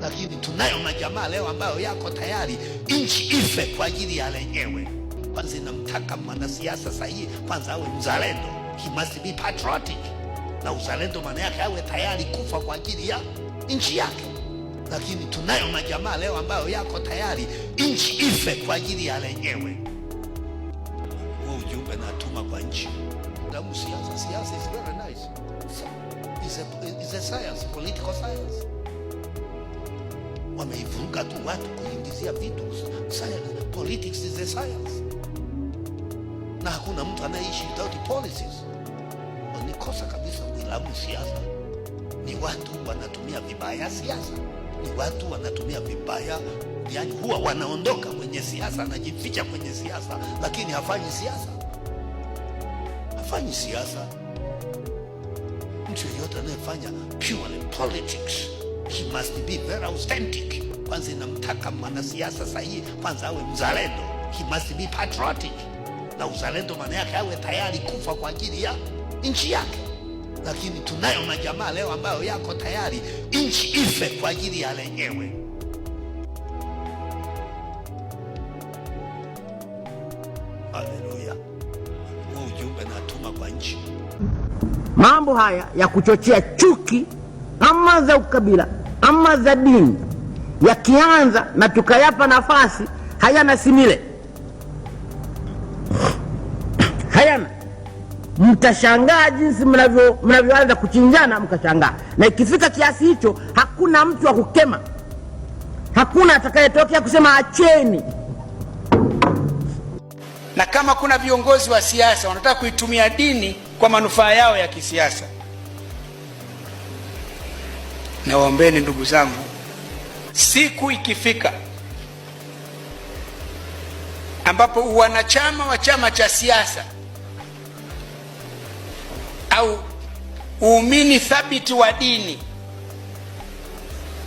lakini tunayo majamaa leo ambayo yako tayari nchi ife kwa ajili ya lenyewe. Kwanza inamtaka mwanasiasa sahihi, kwanza awe mzalendo, he must be patriotic. Na uzalendo maana yake awe tayari kufa kwa ajili ya nchi yake, lakini tunayo majamaa leo ambayo yako tayari nchi ife kwa ajili ya lenyewe. Huo ujumbe natuma kwa nchi damu. Siasa, siasa is very nice, it's a, it's a science, political science wameivuruga tu watu kuingizia vitu science. Politics is a science, na hakuna mtu anayeishi without policies. Ni kosa kabisa kuilamu siasa. Ni watu wanatumia vibaya siasa, ni watu wanatumia vibaya yani, huwa wanaondoka kwenye siasa, anajificha kwenye siasa, lakini hafanyi siasa, hafanyi siasa. Mtu yeyote anayefanya purely politics he must be very authentic. Kwanza inamtaka mwanasiasa sahihi, kwanza awe mzalendo, he must be patriotic. Na uzalendo maana yake awe tayari kufa kwa ajili ya nchi yake, lakini tunayo majamaa leo ambayo yako tayari nchi ife kwa ajili ya lenyewe. Haleluya! Huu ujumbe natuma kwa nchi. Mambo haya ya kuchochea chuki ama za ukabila ama za dini yakianza na tukayapa nafasi, hayana simile, hayana mtashangaa jinsi mnavyoanza kuchinjana, mkashangaa. Na ikifika kiasi hicho, hakuna mtu wa kukema, hakuna atakayetokea kusema acheni. Na kama kuna viongozi wa siasa wanataka kuitumia dini kwa manufaa yao ya kisiasa Nawaombeni ndugu zangu, siku ikifika ambapo uwanachama wa chama cha siasa au uumini thabiti wa dini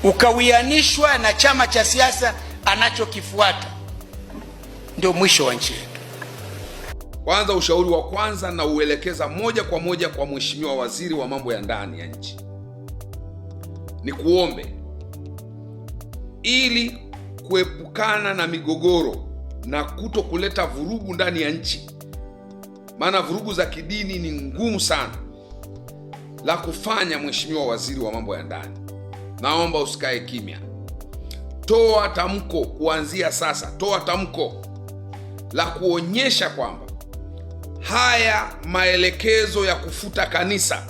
ukawianishwa na chama cha siasa anachokifuata, ndio mwisho wa nchi yetu. Kwanza, ushauri wa kwanza na uelekeza moja kwa moja kwa Mheshimiwa Waziri wa Mambo ya Ndani ya nchi ni kuombe ili kuepukana na migogoro na kuto kuleta vurugu ndani ya nchi, maana vurugu za kidini ni ngumu sana la kufanya. Mheshimiwa Waziri wa Mambo ya Ndani, naomba usikae kimya, toa tamko kuanzia sasa, toa tamko la kuonyesha kwamba haya maelekezo ya kufuta kanisa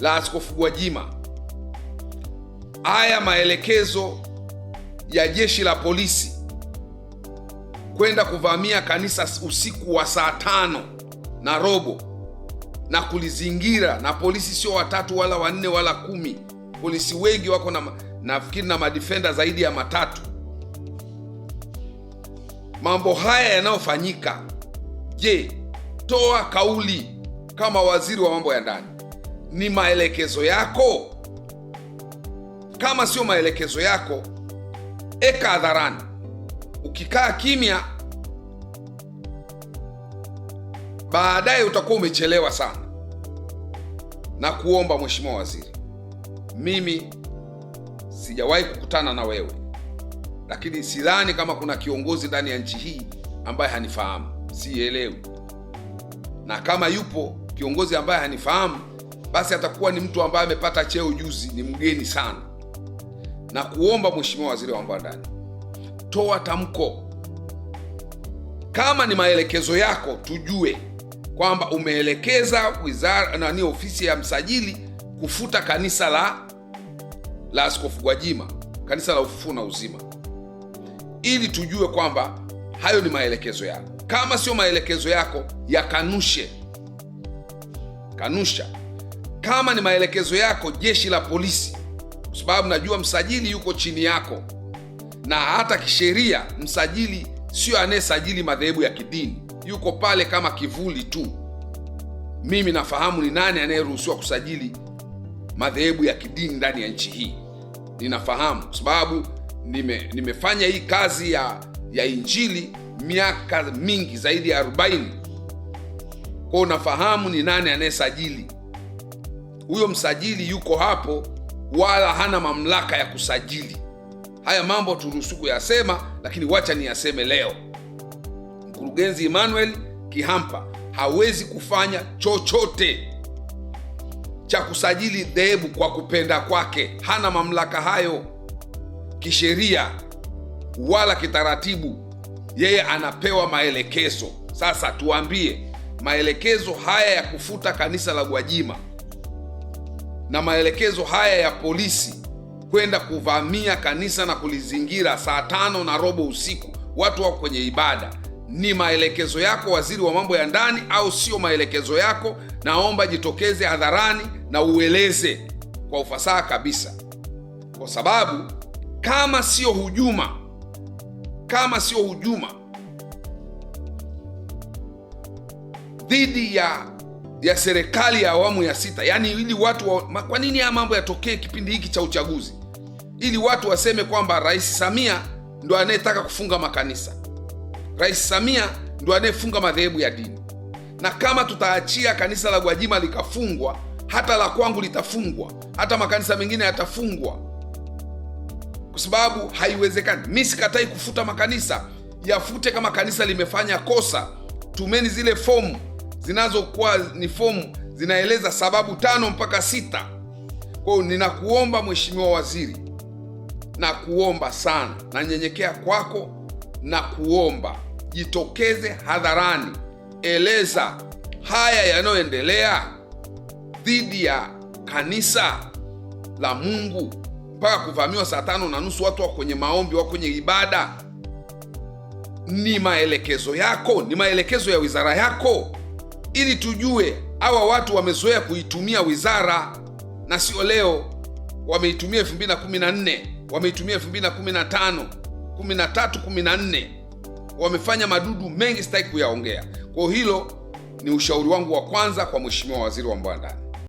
la Askofu Gwajima haya maelekezo ya jeshi la polisi kwenda kuvamia kanisa usiku wa saa tano na robo na kulizingira, na polisi sio watatu wala wanne wala kumi, polisi wengi wako na nafikiri na madifenda zaidi ya matatu. Mambo haya yanayofanyika, je, toa kauli kama waziri wa mambo ya ndani, ni maelekezo yako kama sio maelekezo yako, eka hadharani. Ukikaa kimya, baadaye utakuwa umechelewa sana. Na kuomba mweshimua Waziri, mimi sijawahi kukutana na wewe, lakini sidhani kama kuna kiongozi ndani ya nchi hii ambaye hanifahamu, sielewi. Na kama yupo kiongozi ambaye hanifahamu, basi atakuwa ni mtu ambaye amepata cheo juzi, ni mgeni sana na kuomba Mheshimiwa Waziri wa Mambo ya Ndani, toa tamko kama ni maelekezo yako, tujue kwamba umeelekeza wizara nani, ofisi ya msajili kufuta kanisa la la Askofu Gwajima, kanisa la Ufufuo na Uzima, ili tujue kwamba hayo ni maelekezo yako. Kama sio maelekezo yako, yakanushe, kanusha. Kama ni maelekezo yako, jeshi la polisi kwa sababu najua msajili yuko chini yako, na hata kisheria msajili sio anayesajili madhehebu ya kidini, yuko pale kama kivuli tu. Mimi nafahamu ni nani anayeruhusiwa kusajili madhehebu ya kidini ndani ya nchi hii, ninafahamu kwa sababu nime, nimefanya hii kazi ya, ya injili miaka mingi zaidi ya 40 kwao, nafahamu ni nani anayesajili. Huyo msajili yuko hapo wala hana mamlaka ya kusajili. Haya mambo turuhusu kuyasema, lakini wacha ni yaseme leo. Mkurugenzi Emmanuel Kihampa hawezi kufanya chochote cha kusajili dhehebu kwa kupenda kwake. Hana mamlaka hayo kisheria wala kitaratibu, yeye anapewa maelekezo. Sasa tuambie, maelekezo haya ya kufuta kanisa la Gwajima na maelekezo haya ya polisi kwenda kuvamia kanisa na kulizingira saa tano na robo usiku, watu wako kwenye ibada. Ni maelekezo yako waziri wa mambo ya ndani au sio maelekezo yako? Naomba jitokeze hadharani na ueleze kwa ufasaha kabisa, kwa sababu kama sio hujuma, kama sio hujuma dhidi ya ya serikali ya awamu ya sita, yaani ili watu wa, kwa nini haya mambo yatokee kipindi hiki cha uchaguzi, ili watu waseme kwamba Rais Samia ndo anayetaka kufunga makanisa, Rais Samia ndo anayefunga madhehebu ya dini. Na kama tutaachia kanisa la Gwajima likafungwa, hata la kwangu litafungwa, hata makanisa mengine yatafungwa, kwa sababu haiwezekani. Mi sikatai kufuta makanisa, yafute kama kanisa limefanya kosa, tumeni zile fomu zinazokuwa ni fomu zinaeleza sababu tano mpaka sita. Kwa hiyo ninakuomba Mheshimiwa Waziri, nakuomba sana, nanyenyekea kwako, na kuomba jitokeze hadharani, eleza haya yanayoendelea dhidi ya kanisa la Mungu mpaka kuvamiwa saa tano na nusu, watu wa kwenye maombi wa kwenye ibada. Ni maelekezo yako, ni maelekezo ya wizara yako ili tujue hawa watu wamezoea kuitumia wizara na sio leo. Wameitumia 2014 wameitumia 2015 13 14, wamefanya madudu mengi, sitaki kuyaongea. Kwa hilo ni ushauri wangu wa kwanza kwa Mheshimiwa Waziri wa Mambo ya Ndani.